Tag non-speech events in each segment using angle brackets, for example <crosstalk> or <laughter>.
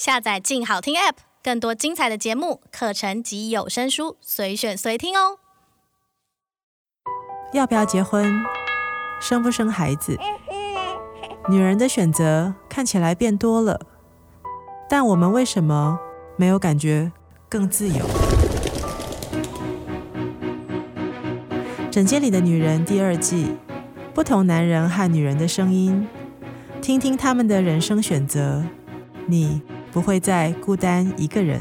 下載“靜好聽 ”App，更多精彩的節目、課程及有聲書，隨選隨聽哦。要不要結婚？生不生孩子？女人的選擇看起來變多了，但我們為什麼沒有感覺更自由？《診 <noise> 間裡的女人》第二季，不同男人和女人的聲音，聽聽他們的人生選擇，你。不會再孤單一個人。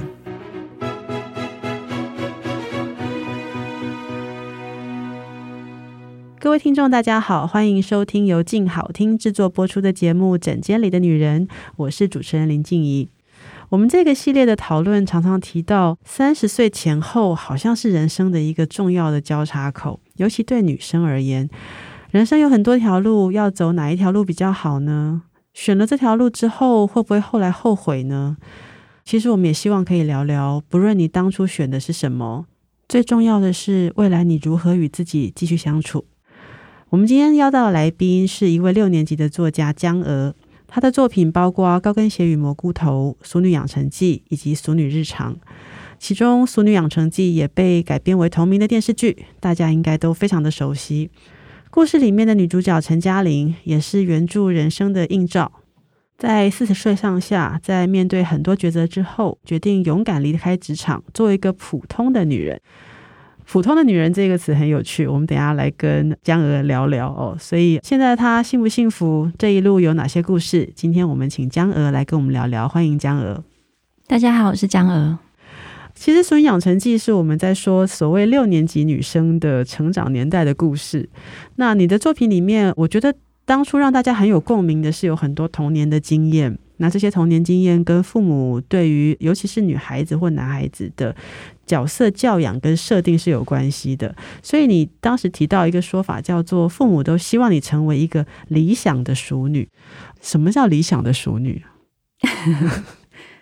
各位聽眾，大家好，歡迎收聽由靜好聽制作播出的節目《診間裡的女人》，我是主持人林靜儀。我們這個系列的討論常常提到，三十歲前後好像是人生的一個重要的交叉口，尤其對女生而言，人生有很多條路，要走哪一條路比較好呢？選了這條路之後，會不會後來後悔呢？其實，我們也希望可以聊聊，不論你當初選的是什麼，最重要的是未來你如何與自己繼續相處。我們今天邀到的來賓是一位六年級的作家江鵝，她的作品包括《高跟鞋與蘑菇頭》《俗女養成記》以及《俗女日常》，其中《俗女養成記》也被改編為同名的電視劇，大家應該都非常的熟悉。故事裡面的女主角陳嘉玲也是原著人生的映照，在四十歲上下，在面對很多抉擇之後，決定勇敢離開職場，做一個普通的女人。普通的女人這個詞很有趣，我們等一下來跟江鵝聊聊哦。所以現在她幸不幸福？這一路有哪些故事？今天我們請江鵝來跟我們聊聊，歡迎江鵝。大家好，我是江鵝。其實《俗女養成記》是我們在說所謂六年級女生的成長年代的故事。那你的作品裡面，我覺得當初讓大家很有共鳴的是有很多童年的經驗。那這些童年經驗跟父母對於尤其是女孩子或男孩子的角色教養跟設定是有關係的。所以你當時提到一個說法，叫做父母都希望你成為一個理想的淑女。什麼叫理想的淑女？ <laughs>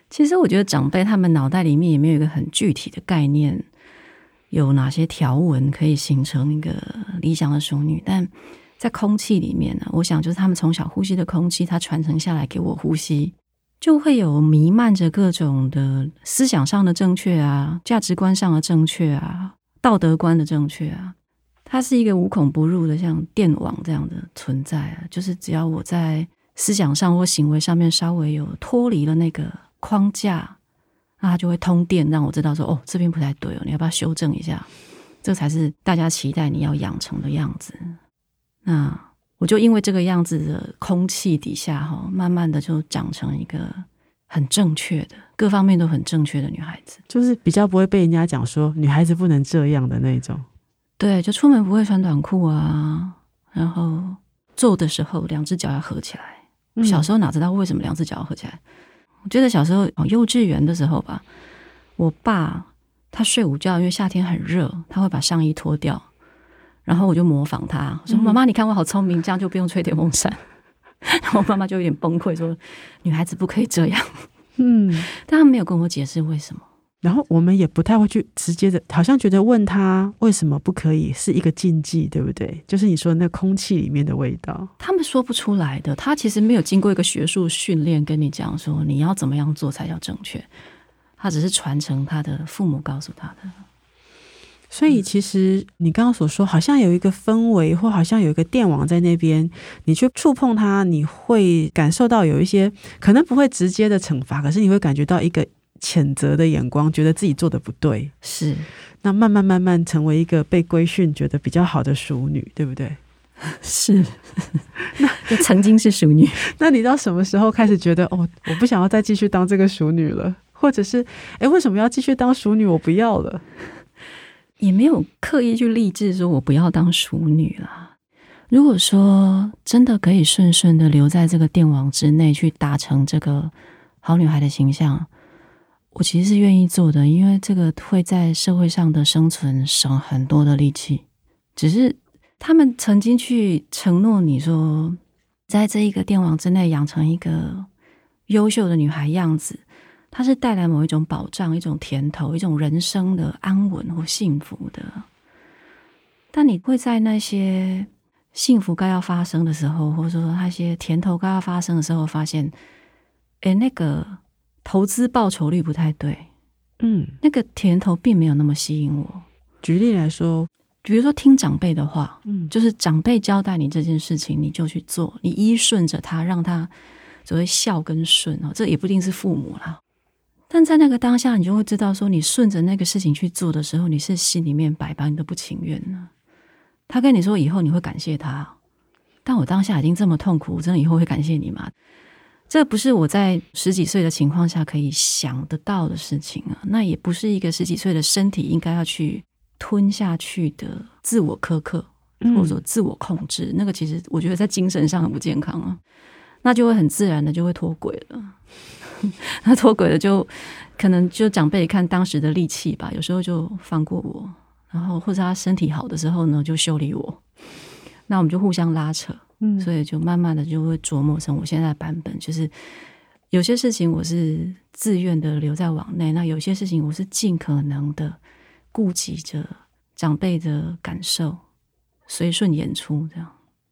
其實我覺得長輩他們腦袋裡面也沒有一個很具體的概念，有哪些條文可以形成一個理想的淑女。但在空氣裡面呢、啊，我想就是他們從小呼吸的空氣，它傳承下來給我呼吸，就會有彌漫着各種的思想上的正確啊，價值觀上的正確啊，道德觀的正確啊，它是一個無孔不入的，像電網這樣的存在啊，就是只要我在思想上或行為上面稍微有脫離了那個框架，那它就會通電，讓我知道說哦，這邊不太對哦，你要不要修正一下？這才是大家期待你要養成的樣子。那我就因為這個樣子的空氣底下哈，慢慢的就長成一個很正確的，各方面都很正確的女孩子，就是比較不會被人家講說女孩子不能這樣的那種。對，就出門不會穿短褲啊，然後坐的時候兩隻腳要合起來。嗯、小時候哪知道為什麼兩隻腳要合起來？我記得小時候，幼稚園的時候吧，我爸他睡午覺，因為夏天很熱，他會把上衣脫掉，然後我就模仿他，說：“媽媽，你看我好聰明、嗯，這樣就不用吹電風扇。 <laughs> ”然後我媽媽就有點崩潰，說：“ <laughs> 女孩子不可以這樣。”嗯，但他沒有跟我解釋為什麼。然後我們也不太會去直接的，好像覺得問他為什麼不可以是一個禁忌，對不對？就是你說那空氣裡面的味道，他們說不出來的。他其實沒有經過一個學術訓練跟你講說你要怎麼樣做才叫正確，他只是傳承他的父母告訴他的。所以其實你剛剛所說，好像有一個氛圍，或好像有一個電網在那邊，你去觸碰它，你會感受到有一些可能不會直接的懲罰，可是你會感覺到一個。譴責的眼光，覺得自己做的不對，是那慢慢慢慢成為一個被規訓，覺得比較好的淑女，對不對？是那 <laughs> 曾經是淑女， <laughs> 那你到什麼時候開始覺得哦，我不想要再繼續當這個淑女了，或者是哎、欸，為什麼要繼續當淑女？我不要了，也沒有刻意去立志說我不要當淑女了。如果說真的可以順順的留在這個電網之內，去達成這個好女孩的形象。我其實是願意做的，因為這個會在社會上的生存省很多的力氣。只是他們曾經去承諾你說，在這一個電網之內養成一個優秀的女孩樣子，它是帶來某一種保障、一種甜頭、一種人生的安穩或幸福的。但你會在那些幸福該要發生的時候，或者說那些甜頭該要發生的時候，發現，哎，那個。投資報酬率不太對，嗯，那個甜頭並沒有那麼吸引我。舉例來說，比如說聽長輩的話，嗯，就是長輩交代你這件事情，你就去做，你依順着他，讓他所謂孝跟順哦，這也不一定是父母啦，但在那個當下，你就會知道說，你順着那個事情去做的時候，你是心裡面百般的不情願呢。他跟你說以後你會感謝他，但我當下已經這麼痛苦，我真的以後會感謝你嗎？這不是我在十幾歲的情況下可以想得到的事情啊，那也不是一個十幾歲的身體應該要去吞下去的自我苛刻，或者說自我控制。嗯、那個其實我覺得在精神上很不健康啊，那就會很自然的就會脫軌了。 <laughs> 那脫軌了就可能就長輩看當時的力氣吧，有時候就放過我，然後或者他身體好的時候呢就修理我，那我們就互相拉扯。嗯，所以就慢慢的就會琢磨成我現在的版本，就是有些事情我是自願的留在網內，那有些事情我是盡可能的顧及着長輩的感受，隨順演出這樣。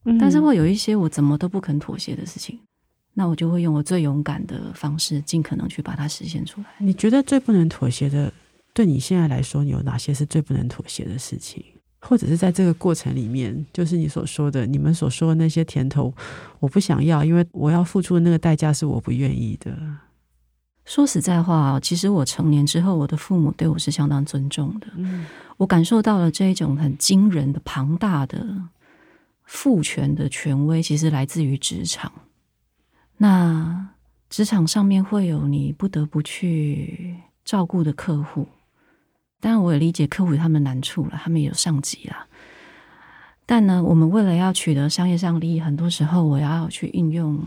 嗯，但是會有一些我怎麼都不肯妥協的事情，那我就會用我最勇敢的方式，盡可能去把它實現出來。你覺得最不能妥協的，對你現在來說，你有哪些是最不能妥協的事情？或者是在這個過程裡面，就是你所說的，你們所說的那些甜頭，我不想要，因為我要付出的那個代價是我不願意的。說實在話，其實我成年之後，我的父母對我是相當尊重的。嗯，我感受到了這一種很驚人的龐大的父權的權威，其實來自於職場。那職場上面會有你不得不去照顧的客戶。當然，我也理解客戶他們難處了，他們也有上級啦。但呢，我們為了要取得商業上利益，很多時候我要去運用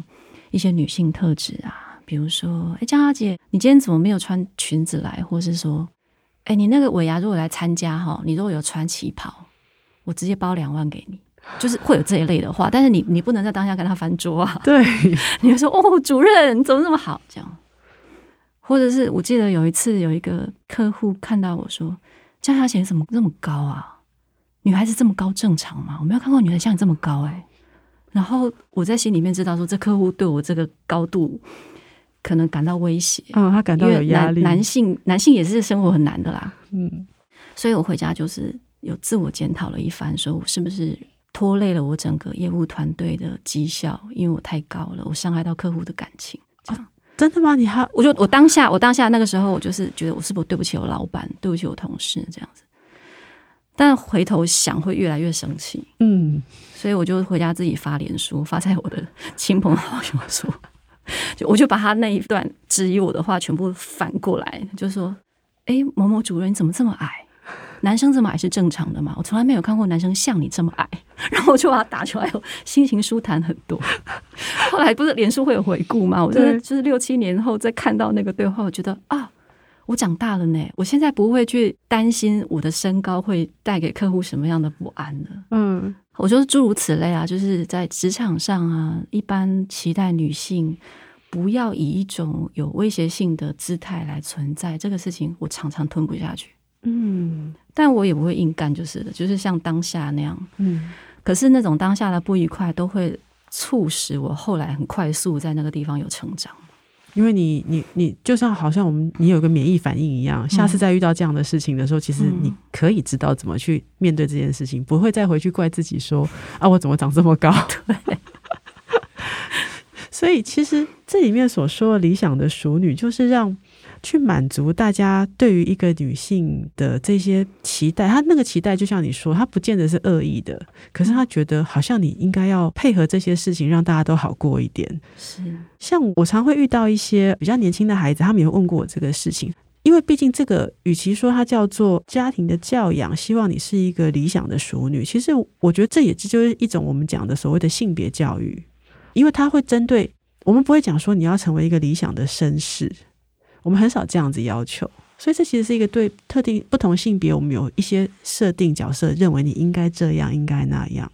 一些女性特質啊，比如說，哎、欸，江小姐，你今天怎麼沒有穿裙子來？或是說，哎、欸，你那個尾牙如果來參加哈、哦，你如果有穿旗袍，我直接包兩萬給你，就是會有這一類的話。但是你你不能在當下跟他翻桌啊，對 <laughs> 你會，你就說哦，主任你怎麼那麼好這樣？或者是我記得有一次有一個客戶看到我說：“江小姐怎麼那麼高啊？女孩子這麼高正常嗎？”我沒有看過女孩子像你這麼高哎、欸。然後我在心裡面知道說，這客戶對我這個高度可能感到威脅。嗯、哦，他感到有壓力男。男性男性也是生活很難的啦。嗯，所以我回家就是有自我檢討了一番，說我是不是拖累了我整個業務團隊的績效，因為我太高了，我傷害到客戶的感情。這樣。哦。真的嗎？你還，我就我當下，我當下那個時候，我就是覺得我是不是對不起我老板，對不起我同事這樣子。但回頭想會越來越生氣，嗯，所以我就回家自己發臉書，發在我的親朋好友說， <laughs> 就我就把他那一段質疑我的話全部反過來，就說：哎、欸，某某主任你怎麼這麼矮？男生這麼矮是正常的嘛？我從來沒有看過男生像你這麼矮，然後我就把它打出來，心情舒坦很多。後來不是臉書會有回顧嗎？我真的就是六七年後再看到那個對話，我覺得啊，我長大了呢。我現在不會去擔心我的身高會帶給客戶什麼樣的不安了。嗯，我覺得諸如此類啊，就是在職場上啊，一般期待女性不要以一種有威脅性的姿態來存在這個事情，我常常吞不下去。嗯。但我也不會硬幹，就是的，就是像當下那樣。嗯，可是那種當下的不愉快都會促使我後來很快速在那個地方有成長。因為你，你，你就像好像我們，你有個免疫反應一樣，嗯，下次再遇到這樣的事情的時候，其實你可以知道怎麼去面對這件事情，嗯，不會再回去怪自己說啊，我怎麼長這麼高？對。 <laughs> 所以，其實這裡面所說的理想的淑女，就是讓。去滿足大家對於一個女性的這些期待，她那個期待就像你說，她不見得是惡意的，可是她覺得好像你應該要配合這些事情，讓大家都好過一點。是像我常會遇到一些比較年輕的孩子，他們也問過我這個事情，因為畢竟這個與其說它叫做家庭的教養，希望你是一個理想的淑女，其實我覺得這也就是一種我們講的所謂的性別教育，因為它會針對我們不會講說你要成為一個理想的紳士。我們很少這樣子要求，所以這其實是一個對特定不同性別，我們有一些設定角色，認為你應該這樣，應該那樣。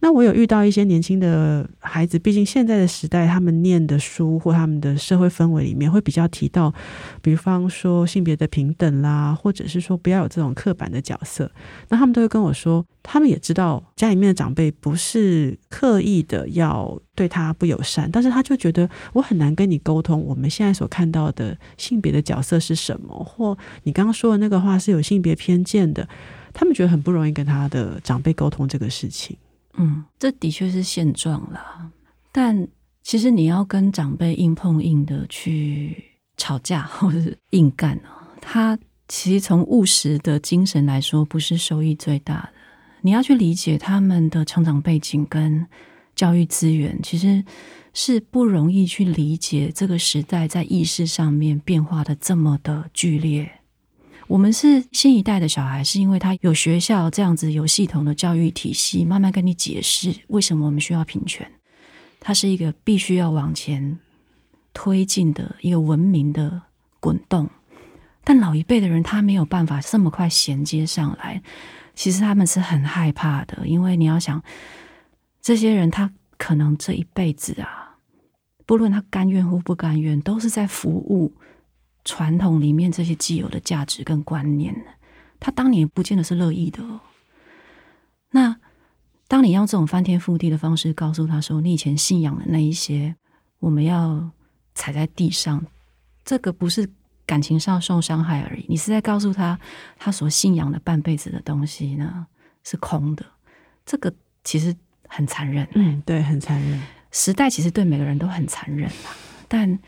那我有遇到一些年輕的孩子，畢竟現在的時代，他們唸的書或他們的社會氛圍裡面會比較提到，比方說性別的平等啦，或者是說不要有這種刻板的角色。那他們都會跟我說，他們也知道家裡面的長輩不是刻意的要對他不友善，但是他就覺得我很難跟你溝通，我們現在所看到的性別的角色是什麼，或你剛剛說的那個話是有性別偏見的，他們覺得很不容易跟他的長輩溝通這個事情。嗯，這的確是現狀啦。但其實你要跟長輩硬碰硬的去吵架或者硬幹哦、啊。他其實從務實的精神來說，不是收益最大的。你要去理解他們的成長背景跟教育資源，其實是不容易去理解這個時代在意識上面變化的這麼的劇烈。我們是新一代的小孩，是因為他有學校這樣子有系統的教育體系，慢慢跟你解釋為什麼我們需要平權。他是一個必須要往前推進的一個文明的滾動，但老一輩的人他沒有辦法這麼快銜接上來。其實他們是很害怕的，因為你要想，這些人他可能這一輩子啊，不論他甘願或不甘願，都是在服務。傳統裡面這些既有的價值跟觀念呢，他當年不見得是樂意的哦。那當你用這種翻天覆地的方式告訴他說，你以前信仰的那一些，我們要踩在地上，這個不是感情上受傷害而已，你是在告訴他，他所信仰的半輩子的東西呢，是空的。這個其實很殘忍欸，嗯，對，很殘忍。時代其實對每個人都很殘忍啦，但。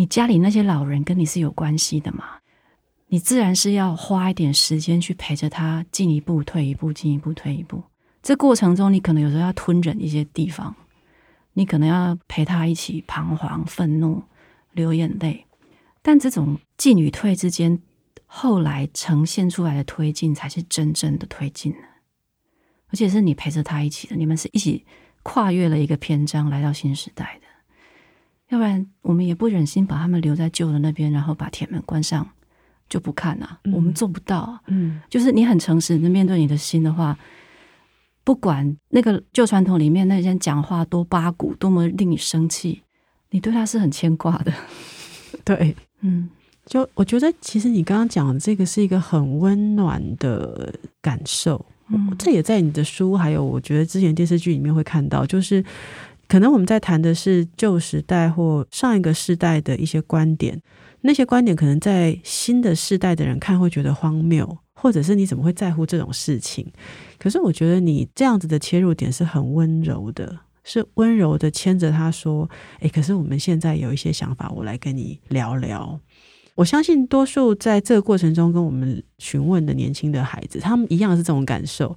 你家裡那些老人跟你是有關係的嘛？你自然是要花一點時間去陪着他，進一步退一步，進一步退一步。這過程中，你可能有時候要吞忍一些地方，你可能要陪他一起彷徨、憤怒、流眼淚。但這種進與退之間，後來呈現出來的推進，才是真正的推進的。而且是你陪着他一起的，你們是一起跨越了一個篇章，來到新時代的。要不然，我們也不忍心把他們留在舊的那邊，然後把鐵門關上就不看了、啊嗯、我們做不到、啊。嗯，就是你很誠實的面對你的心的話，不管那個舊傳統裡面那些人講話多八股，多麼令你生氣，你對他是很牽掛的。對，嗯，就我覺得，其實你剛剛講的這個是一個很溫暖的感受。嗯，這也在你的書，還有我覺得之前電視劇裡面會看到，就是。可能我們在談的是舊時代或上一個世代的一些觀點，那些觀點可能在新的世代的人看會覺得荒謬，或者是你怎麼會在乎這種事情？可是我覺得你這樣子的切入點是很溫柔的，是溫柔的牽着他說：“誒，可是我們現在有一些想法，我來跟你聊聊。”我相信多數在這個過程中跟我們詢問的年輕的孩子，他們一樣是這種感受。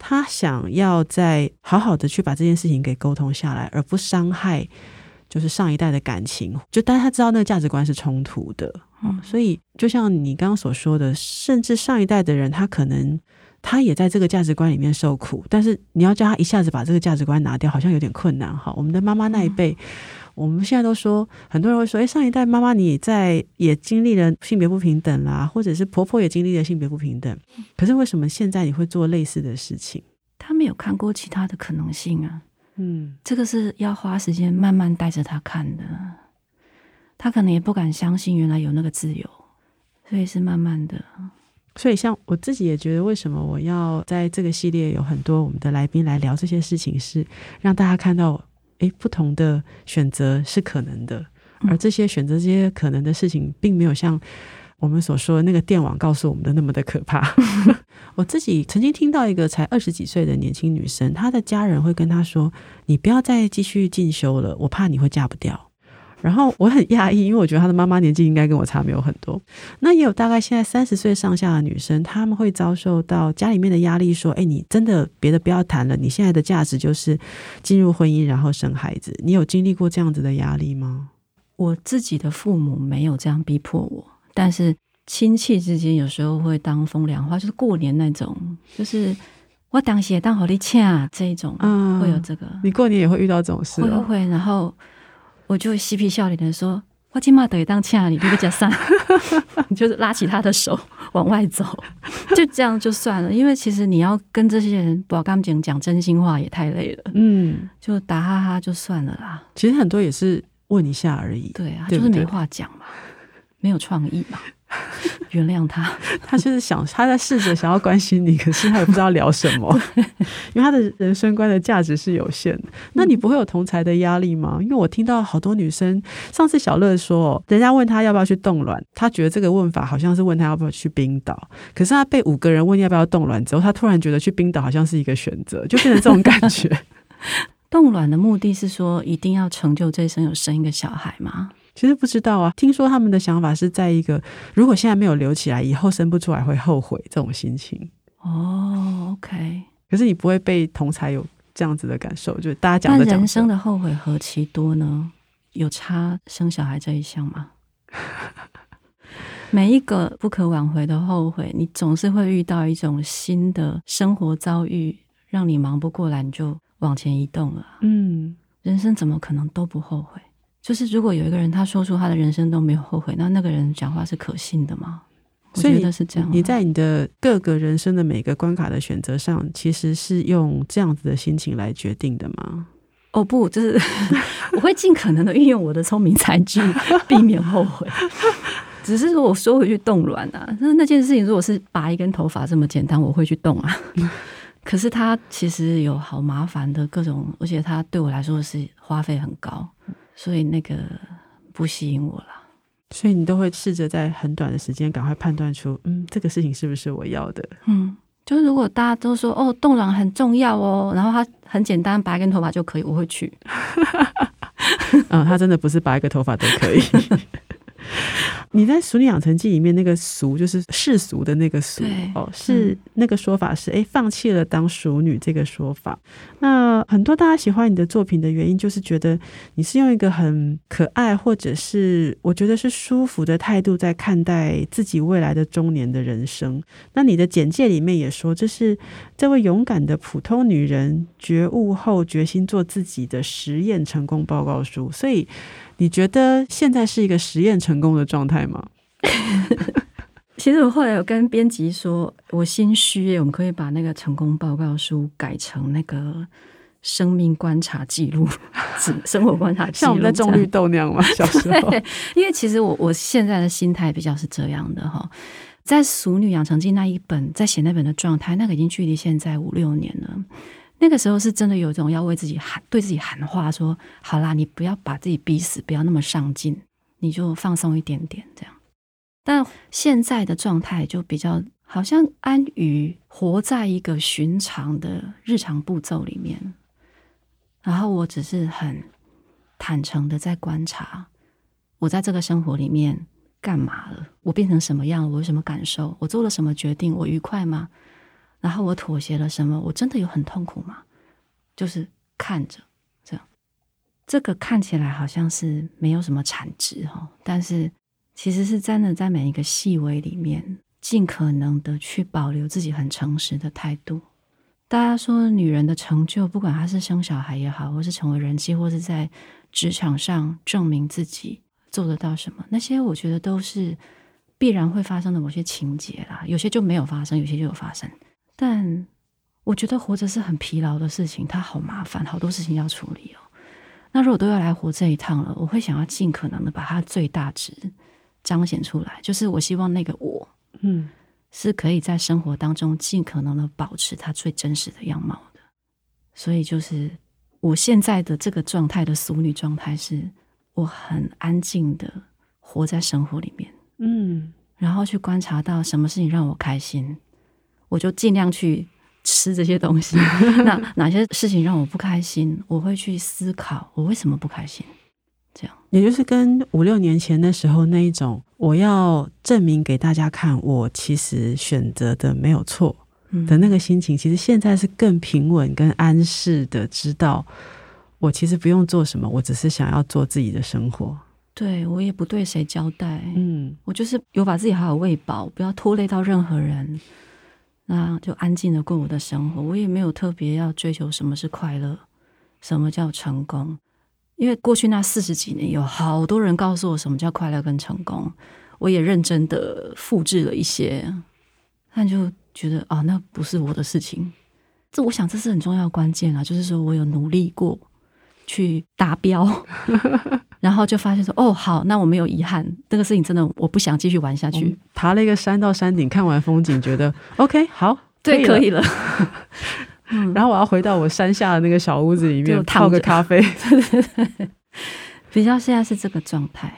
他想要再好好的去把這件事情給溝通下來，而不傷害就是上一代的感情。就當他知道那個價值觀是衝突的。嗯，所以就像你剛剛所說的，甚至上一代的人，他可能。他也在這個價值觀裡面受苦，但是你要叫他一下子把這個價值觀拿掉，好像有點困難哈。我們的媽媽那一輩、嗯，我們現在都說，很多人會說：“哎、欸，上一代媽媽你在也經歷了性別不平等啦，或者是婆婆也經歷了性別不平等，可是為什麼現在你會做類似的事情？”他沒有看過其他的可能性啊，嗯，這個是要花時間慢慢帶着他看的，他可能也不敢相信原來有那個自由，所以是慢慢的。所以，像我自己也覺得，為什麼我要在這個系列有很多我們的來賓來聊這些事情，是讓大家看到，哎，不同的選擇是可能的，而這些選擇、這些可能的事情，並沒有像我們所說的那個電網告訴我們的那麼的可怕。 <laughs> 我自己曾經聽到一個才二十幾歲的年輕女生，她的家人會跟她說：“你不要再繼續進修了，我怕你會嫁不掉。”然後我很訝異，因為我覺得他的媽媽年紀應該跟我差沒有很多。那也有大概現在三十歲上下的女生，他們會遭受到家裡面的壓力，說：“哎、欸，你真的別的不要談了，你現在的價值就是進入婚姻，然後生孩子。”你有經歷過這樣子的壓力嗎？我自己的父母沒有這樣逼迫我，但是親戚之間有時候會當風涼話，就是過年那種，就是我當時也當好利錢啊這種種，會有這個、嗯。你過年也會遇到這種事，哦？會不會，然後。我就嬉皮笑臉的說：“我今嘛得當親你這個就算，你，不 <laughs> 你就是拉起他的手往外走，就這樣就算了。因為其實你要跟這些人搞感情講真心話也太累了，嗯，就打哈哈就算了啦。其實很多也是問一下而已，對啊，就是沒話講嘛，對對對沒有創意嘛。”原諒他， <laughs> 他就是想他在試着想要關心你，可是他也不知道聊什麼， <laughs> 因為他的人生觀的價值是有限的。那你不會有同儕的壓力嗎？因為我聽到好多女生，上次小樂說，人家問他要不要去凍卵，他覺得這個問法好像是問他要不要去冰島。可是他被五個人問要不要凍卵之後，他突然覺得去冰島好像是一個選擇，就變成這種感覺。凍 <laughs> 卵的目的是說一定要成就這一生有生一個小孩嗎？其實不知道啊，聽說他們的想法是在一個，如果現在沒有留起來，以後生不出來會後悔這種心情。哦，OK。可是你不會被同才有這樣子的感受，就是大家講的但人生的後悔何其多呢？有差生小孩這一項嗎？ <laughs> 每一個不可挽回的後悔，你總是會遇到一種新的生活遭遇，讓你忙不過來，你就往前移動了。嗯，人生怎麼可能都不後悔？就是如果有一個人他說出他的人生都沒有後悔，那那個人講話是可信的嗎？我覺得是這樣。你在你的各個人生的每個關卡的選擇上， <laughs> 其實是用這樣子的心情來決定的嗎？哦，不，就是我會盡可能的運用我的聰明才智， <laughs> 避免後悔。只是說我說回去凍卵啊，那那件事情如果是拔一根頭髮這麼簡單，我會去凍啊。嗯、可是他其實有好麻煩的各種，而且他對我來說是花費很高。所以那個不吸引我了。所以你都會試着在很短的時間趕快判斷出，嗯，這個事情是不是我要的？嗯，就是如果大家都說哦，凍卵很重要哦，然後它很簡單，拔一根頭髮就可以，我會去。 <laughs> 嗯，它真的不是拔一個頭髮都可以。 <laughs> <laughs> 你在《俗女養成記》裡面，那個“俗就是世俗的那個俗“俗。哦，是、嗯、那個說法是，誒、欸，放棄了當淑女這個說法。那很多大家喜歡你的作品的原因，就是覺得你是用一個很可愛，或者是我覺得是舒服的態度，在看待自己未來的中年的人生。那你的簡介裡面也說，這是這位勇敢的普通女人覺悟後決心做自己的實驗成功報告書。所以，你覺得現在是一個實驗成功？成功的狀態嗎？ <laughs> <laughs> 其實我後來有跟編輯說，我心虛，我們可以把那個成功報告書改成那個生命觀察記錄， <laughs> 生活觀察記錄， <laughs> 像我們在種綠豆那樣嘛，小時候 <laughs> 對，因為其實我我現在的心態比較是這樣的哈，在《俗女養成記》那一本，在寫那本的狀態，那個已經距離現在五六年了，那個時候是真的有一種要為自己喊、對自己喊話說，說好啦，你不要把自己逼死，不要那麼上進。你就放鬆一點點，這樣。但現在的狀態就比較，好像安於活在一個尋常的日常步驟裡面。然後我只是很坦誠的在觀察，我在這個生活裡面幹嘛了？我變成什麼樣？我有什麼感受？我做了什麼決定？我愉快嗎？然後我妥協了什麼？我真的有很痛苦嗎？就是看着。這個看起來好像是沒有什麼產值哈、哦，但是其實是真的在每一個細微裡面，儘可能的去保留自己很誠實的態度。大家說女人的成就，不管她是生小孩也好，或是成為人妻，或是在職場上證明自己做得到什麼，那些我覺得都是必然會發生的某些情節啦。有些就沒有發生，有些就有發生。但我覺得活着是很疲勞的事情，它好麻煩，好多事情要處理哦。那如果都要來活這一趟了，我會想要盡可能的把它最大值彰顯出來，就是我希望那個我，嗯，是可以在生活當中盡可能的保持它最真實的樣貌的。所以就是我現在的這個狀態的俗女狀態是，我很安靜的活在生活裡面，嗯，然後去觀察到什麼事情讓我開心，我就盡量去。吃這些東西，那哪些事情讓我不開心？我會去思考，我為什麼不開心？這樣，也就是跟五六年前的時候那一種，我要證明給大家看，我其實選擇的沒有錯的那個心情，嗯、其實現在是更平穩跟安適的，知道我其實不用做什麼，我只是想要做自己的生活。對，我也不對誰交代，嗯，我就是有把自己好好餵飽，不要拖累到任何人。那就安靜的過我的生活，我也沒有特別要追求什麼是快樂，什麼叫成功，因為過去那四十幾年有好多人告訴我什麼叫快樂跟成功，我也認真的複制了一些，那就覺得啊、哦，那不是我的事情，這我想這是很重要的關鍵啊，就是說我有努力過。去達標，然後就發現說：“哦，好，那我沒有遺憾。這、那個事情真的我不想繼續玩下去。”爬了一個山到山頂，看完風景，覺得 OK，好，對可，可以了。然後我要回到我山下的那個小屋子裡面就泡個咖啡。 <laughs> 比較現在是這個狀態，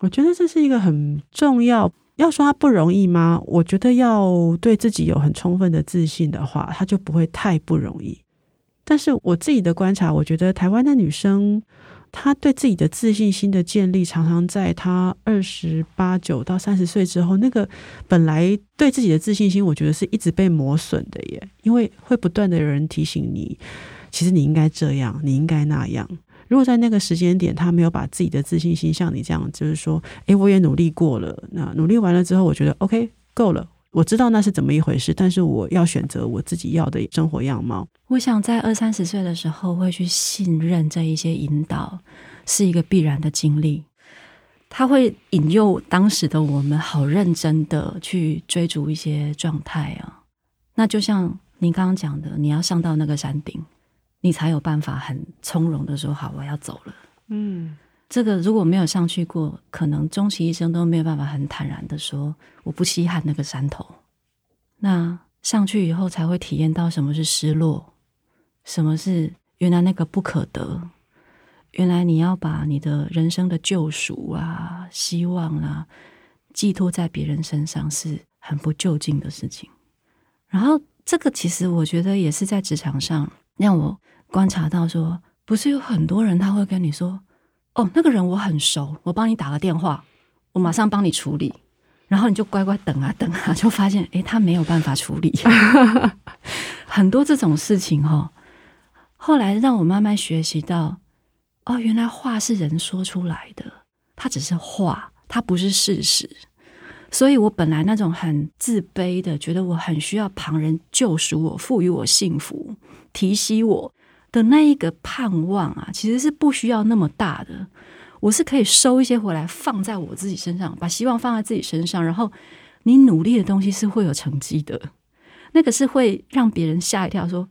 我覺得這是一個很重要。要說它不容易嗎？我覺得要對自己有很充分的自信的話，它就不會太不容易。但是我自己的觀察，我覺得台灣的女生，她對自己的自信心的建立，常常在她二十八九到三十歲之後，那個本來對自己的自信心，我覺得是一直被磨損的耶，因為會不斷的有人提醒你，其實你應該這樣，你應該那樣。如果在那個時間點，她沒有把自己的自信心像你這樣，就是說，誒，我也努力過了，那努力完了之後，我覺得 OK，夠了。我知道那是怎麼一回事，但是我要選擇我自己要的生活樣貌。我想在二三十歲的時候會去信任這一些引導，是一個必然的經歷。它會引誘當時的我們好認真的去追逐一些狀態啊。那就像您剛剛講的，你要上到那個山頂，你才有辦法很從容的說：“好，我要走了。”嗯。這個如果沒有上去過，可能終其一生都沒有辦法很坦然的說我不稀罕那個山頭。那上去以後才會體驗到什麼是失落，什麼是原來那個不可得。原來你要把你的人生的救贖啊、希望啊，寄託在別人身上，是很不究竟的事情。然後這個其實我覺得也是在職場上讓我觀察到說，說不是有很多人他會跟你說。哦，那個人我很熟，我幫你打個電話，我馬上幫你處理，然後你就乖乖等啊等啊，就發現誒他沒有辦法處理。 <laughs> 很多這種事情哈、哦，後來讓我慢慢學習到，哦，原來話是人說出來的，它只是話，它不是事實。所以我本來那種很自卑的，覺得我很需要旁人救贖我、賦予我幸福、提醒我的那一個盼望啊，其實是不需要那麼大的。我是可以收一些回來，放在我自己身上，把希望放在自己身上。然後，你努力的東西是會有成績的，那個是會讓別人嚇一跳，說：“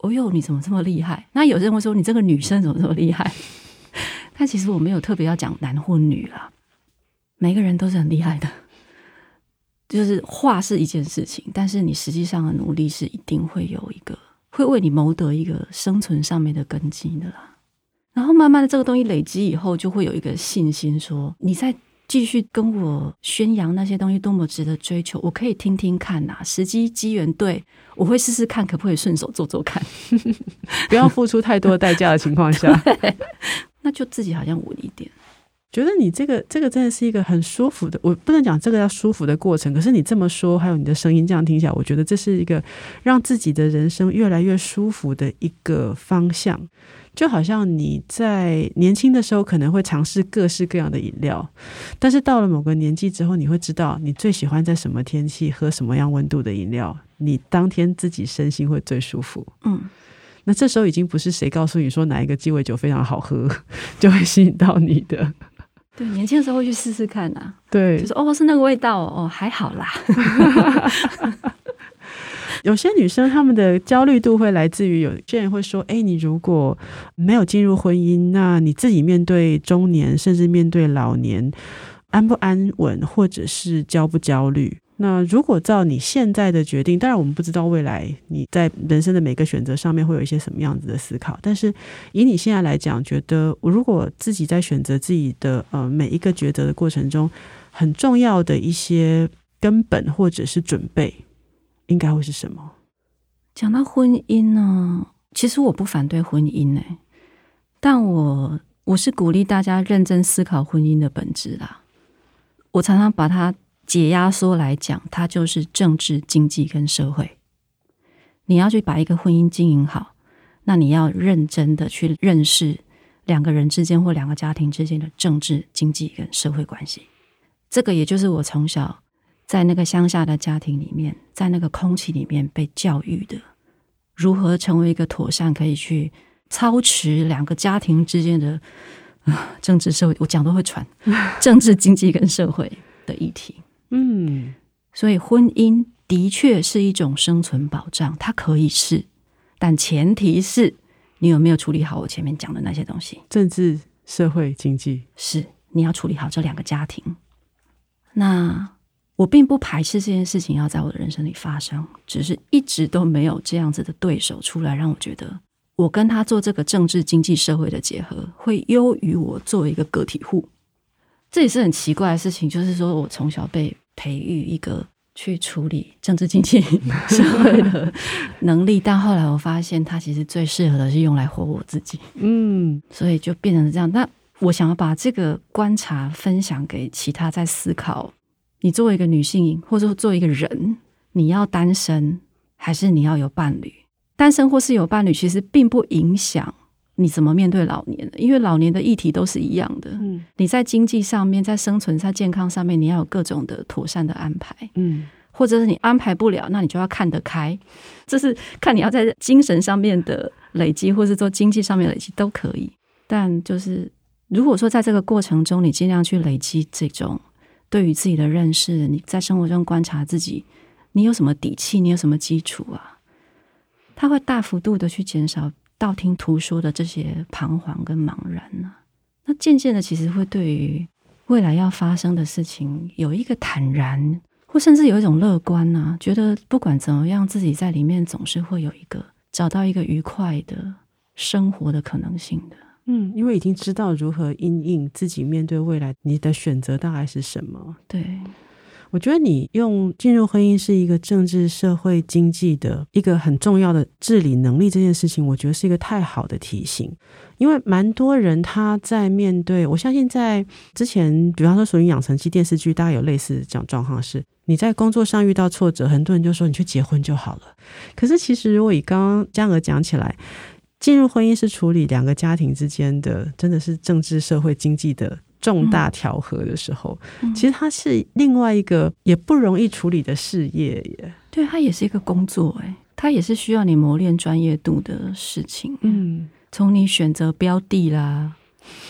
哦喲，你怎麼這麼厲害？”那有人會說：“你這個女生怎麼這麼厲害？” <laughs> 但其實我沒有特別要講男或女啦、啊、每個人都是很厲害的。就是話是一件事情，但是你實際上的努力是一定會有一個。會為你謀得一個生存上面的根基的啦，然後慢慢的這個東西累積以後，就會有一個信心說，說你再繼續跟我宣揚那些東西多麼值得追求，我可以聽聽看吶、啊，時機機緣對，我會試試看可不可以順手做做看， <laughs> 不要付出太多代價的情況下， <laughs> 那就自己好像穩一點。覺得你這個這個真的是一個很舒服的，我不能講這個要舒服的過程，可是你這麼說，還有你的聲音這樣聽起來，我覺得這是一個讓自己的人生越來越舒服的一個方向。就好像你在年輕的時候可能會嘗試各式各樣的飲料，但是到了某個年紀之後，你會知道你最喜歡在什麼天氣喝什麼樣溫度的飲料，你當天自己身心會最舒服。嗯，那這時候已經不是誰告訴你說哪一個雞尾酒非常好喝就會吸引到你的。對，年輕的時候會去試試看吶、啊。對，就是哦，是那個味道哦，還好啦。 <laughs> <laughs> 有些女生她們的焦慮度會來自於有些人會說：“哎，你如果沒有進入婚姻，那你自己面對中年甚至面對老年，安不安穩，或者是焦不焦慮？”那如果照你現在的決定，當然我們不知道未來你在人生的每個選擇上面會有一些什麼樣子的思考。但是以你現在來講，覺得我如果自己在選擇自己的呃每一個抉擇的過程中，很重要的一些根本或者是準備，應該會是什麼？講到婚姻呢，其實我不反對婚姻呢，但我我是鼓勵大家認真思考婚姻的本質啦。我常常把它。解壓縮來講，它就是政治、經濟跟社會。你要去把一個婚姻經營好，那你要認真的去認識兩個人之間或兩個家庭之間的政治、經濟跟社會關係。這個也就是我從小在那個鄉下的家庭裡面，在那個空氣裡面被教育的，如何成為一個妥善可以去操持兩個家庭之間的啊、呃、政治社會，我講都會喘政治、經濟跟社會的議題。 <laughs> 嗯，所以婚姻的確是一種生存保障，它可以是，但前提是你有沒有處理好我前面講的那些東西，政治、社會、經濟，是你要處理好這兩個家庭。那我並不排斥這件事情要在我的人生裡發生，只是一直都沒有這樣子的對手出來，讓我覺得我跟他做這個政治、經濟、社會的結合，會優於我作為一個個體戶。這也是很奇怪的事情，就是說我從小被。培育一個去處理政治、經濟、社會的能力，但後來我發現，它其實最適合的是用來活我自己。嗯，所以就變成這樣。那我想要把這個觀察分享給其他在思考：你作為一個女性，或者說作為一個人，你要單身還是你要有伴侶？單身或是有伴侶，其實並不影響。你怎麼面對老年？因為老年的議題都是一樣的。嗯，你在經濟上面，在生存、在健康上面，你要有各種的妥善的安排。嗯，或者是你安排不了，那你就要看得開。這是看你要在精神上面的累積，或是做經濟上面的累積都可以。但就是如果說在這個過程中，你盡量去累積這種對於自己的認識，你在生活中觀察自己，你有什麼底氣，你有什麼基礎啊，它會大幅度的去減少。道聽途說的這些彷徨跟茫然呢、啊，那漸漸的，其實會對於未來要發生的事情有一個坦然，或甚至有一種樂觀、啊，覺得不管怎麼樣，自己在裡面總是會有一個找到一個愉快的生活的可能性的。嗯，因為已經知道如何因應自己面對未來，你的選擇大概是什麼？對。我覺得你用進入婚姻是一個政治、社會、經濟的一個很重要的治理能力這件事情，我覺得是一個太好的提醒，因為蠻多人他在面對，我相信在之前，比方說俗女養成記電視劇，大家有類似這樣狀況是你在工作上遇到挫折，很多人就說你去結婚就好了。可是其實如果以剛剛江鵝講起來，進入婚姻是處理兩個家庭之間的，真的是政治、社會、經濟的。重大調和的時候，嗯嗯、其實它是另外一個也不容易處理的事業耶。對，它也是一個工作哎、欸，它也是需要你磨練專業度的事情。嗯，從你選擇標的啦，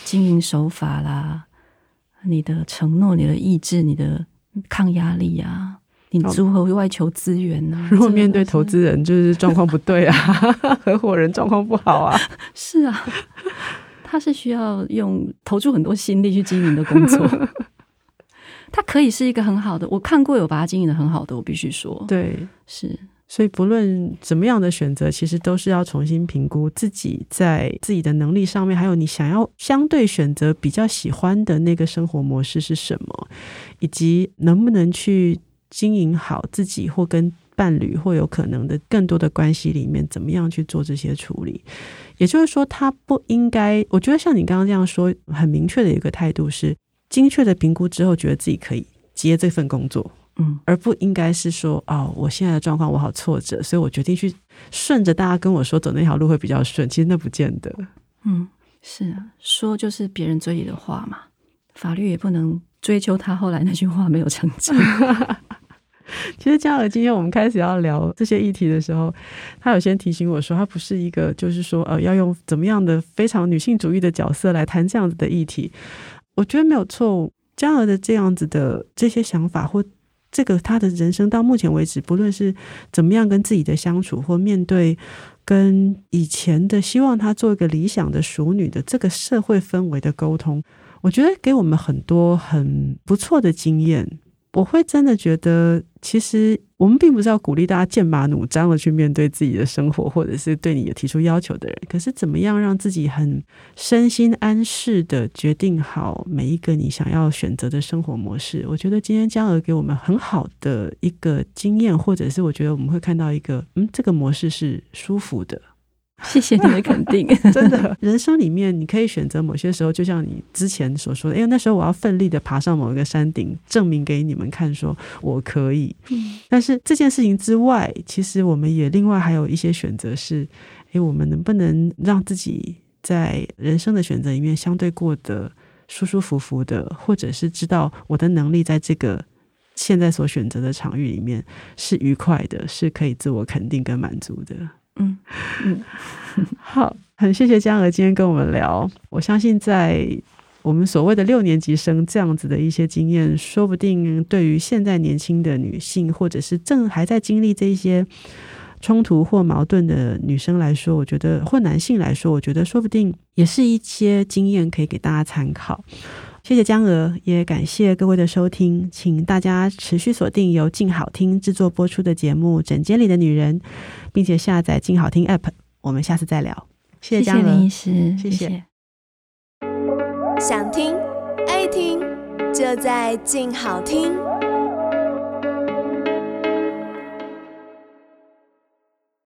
經營手法啦， <laughs> 你的承諾、你的意志、你的抗壓力啊，你如何外求資源啊？如果、哦，面對投資人就是狀況不對啊， <laughs> 合夥人狀況不好啊， <laughs> 是啊。它是需要用投注很多心力去經營的工作， <laughs> 它可以是一個很好的。我看過有把它經營得很好的，我必須說，對，是。所以不論怎麼樣的選擇，其實都是要重新評估自己在自己的能力上面，還有你想要相對選擇比較喜歡的那個生活模式是什麼，以及能不能去經營好自己或跟。伴侶或有可能的更多的關係裡面，怎麼樣去做這些處理？也就是說，他不應該，我覺得像你剛剛這樣說，很明確的一個態度是，精確的評估之後，覺得自己可以接這份工作，嗯，而不應該是說，哦，我現在的狀況我好挫折，所以我決定去順着大家跟我說走那條路會比較順。其實那不見得，嗯，是啊，說就是別人追你的話嘛，法律也不能追究他後來那句話沒有成真。 <laughs> 其實江鵝，今天我們開始要聊這些議題的時候，他有先提醒我說，他不是一個，就是說，呃，要用怎麼樣的非常女性主義的角色來談這樣子的議題。我覺得沒有錯誤，江鵝的這樣子的這些想法，或這個他的人生到目前為止，不論是怎麼樣跟自己的相處，或面對跟以前的希望他做一個理想的淑女的這個社會氛圍的溝通，我覺得給我們很多很不錯的經驗。我會真的覺得，其實我們並不是要鼓勵大家劍拔弩張的去面對自己的生活，或者是對你有提出要求的人。可是，怎麼樣讓自己很身心安適的決定好每一個你想要選擇的生活模式？我覺得今天江鵝給我們很好的一個經驗，或者是我覺得我們會看到一個，嗯，這個模式是舒服的。謝謝你的肯定， <laughs> 真的，人生裡面你可以選擇某些時候，就像你之前所說的，欸、因為那時候我要奮力的爬上某一個山頂，證明給你們看，說我可以。但是這件事情之外，其實我們也另外還有一些選擇，是，誒、欸，我們能不能讓自己在人生的選擇裡面相對過得舒舒服服的，或者是知道我的能力在這個現在所選擇的場域裡面是愉快的，是可以自我肯定跟滿足的。嗯，嗯 <laughs> 好，很謝謝江鵝今天跟我們聊。我相信，在我們所謂的六年級生這樣子的一些經驗，說不定對於現在年輕的女性，或者是正還在經歷這些衝突或矛盾的女生來說，我覺得或男性來說，我覺得說不定也是一些經驗可以給大家參考。謝謝江鵝，也感謝各位的收聽，請大家持續鎖定由靜好聽製作播出的節目《診間裡的女人》，並且下載靜好聽 App。我們下次再聊，謝謝江鵝，謝謝林醫師，謝謝。謝謝。想聽、愛聽，就在靜好聽。